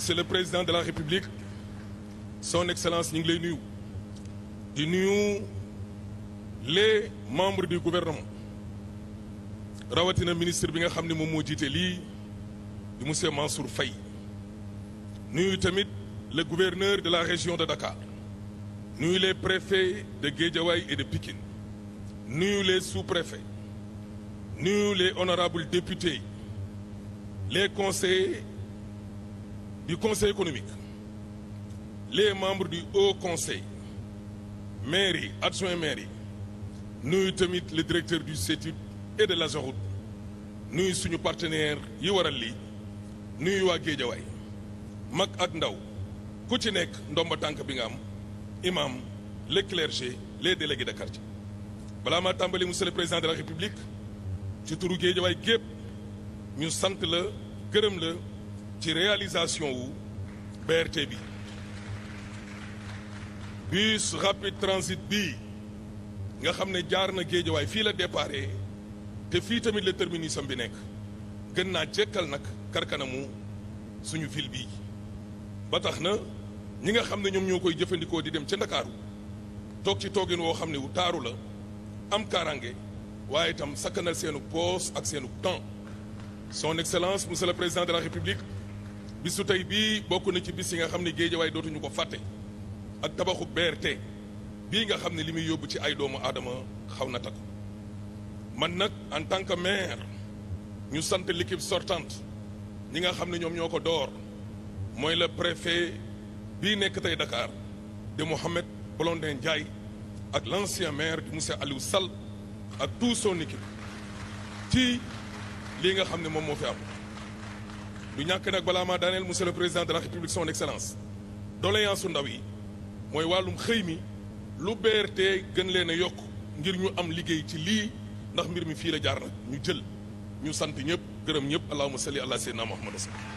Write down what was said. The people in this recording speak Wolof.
monsieur le président de la république son excellence ñu ngi lay nuyu di nuyu les membre du gouvernement rawatina ministre bi nga xam ne moom moo jiite lii di monsieur Mansour Faye nuyu tamit le gouverneur de la région de Dakar nuyu les préfets de Guédiawaye et de Pikine nuyu les sous-préfets nuyu les honorables députés les conseillers di Conseil économique, les membres du Haut Conseil, mairie, adjoint mairie, nuyu tamit le directeur du CETUD et de l'AGEROUTE nuyu suñu partenaire yi waral li nuyu waa Géejawaay mag ak ndaw ku ci nekk ndomba tànk bi nga am imam les clergés les délégués de quartier balaa maa tàmbali monsieur le président de la république ci turu Géejawaay gépp ñu sant la gërëm la ci réalisation wu BRT bi bus rapide transit bii nga xam ne jaar na géejawaay fii la déparé te fii tamit la terminus bi nekk gën naa jekkal nag karkanamu suñu ville bi ba tax na ñi nga xam ne ñoom ñoo koy jëfandikoo di dem ca ndakaaru toog ci toogin woo xam ne wu taaru la am kaaraange waaye itam sakkanal seenu poos ak seenu temps son excellence monsieur le président de la république bisu tey bii bokk na ci bis yi nga xam ne géejawaay dootuñu ko fàtte ak tabaxu BRT bii nga xam ne li muy yóbbu ci ay doomu aadama xaw na takku man nag en tant que maire ñu sant l'équipe sortante ñi nga xam ne ñoom ñoo ko door mooy le préfet bii nekk tey Dakar de Mohamed Blondin Ndiaye ak l'ancien maire di monsieur Aliou Sall ak tout son équipe ci li nga xam ne moom moo fi am du ñàkk nag balaa maa daaneel monsieur le président de la république son excellence doléance ndaw yi mooy wàllum xëy mi lu BRT gën leen a yokk ngir ñu am liggéey ci lii ndax mbir mi fii la jaar nag ñu jël ñu sant ñëpp gërëm ñëpp allahuma salli ala sayyidina muhammad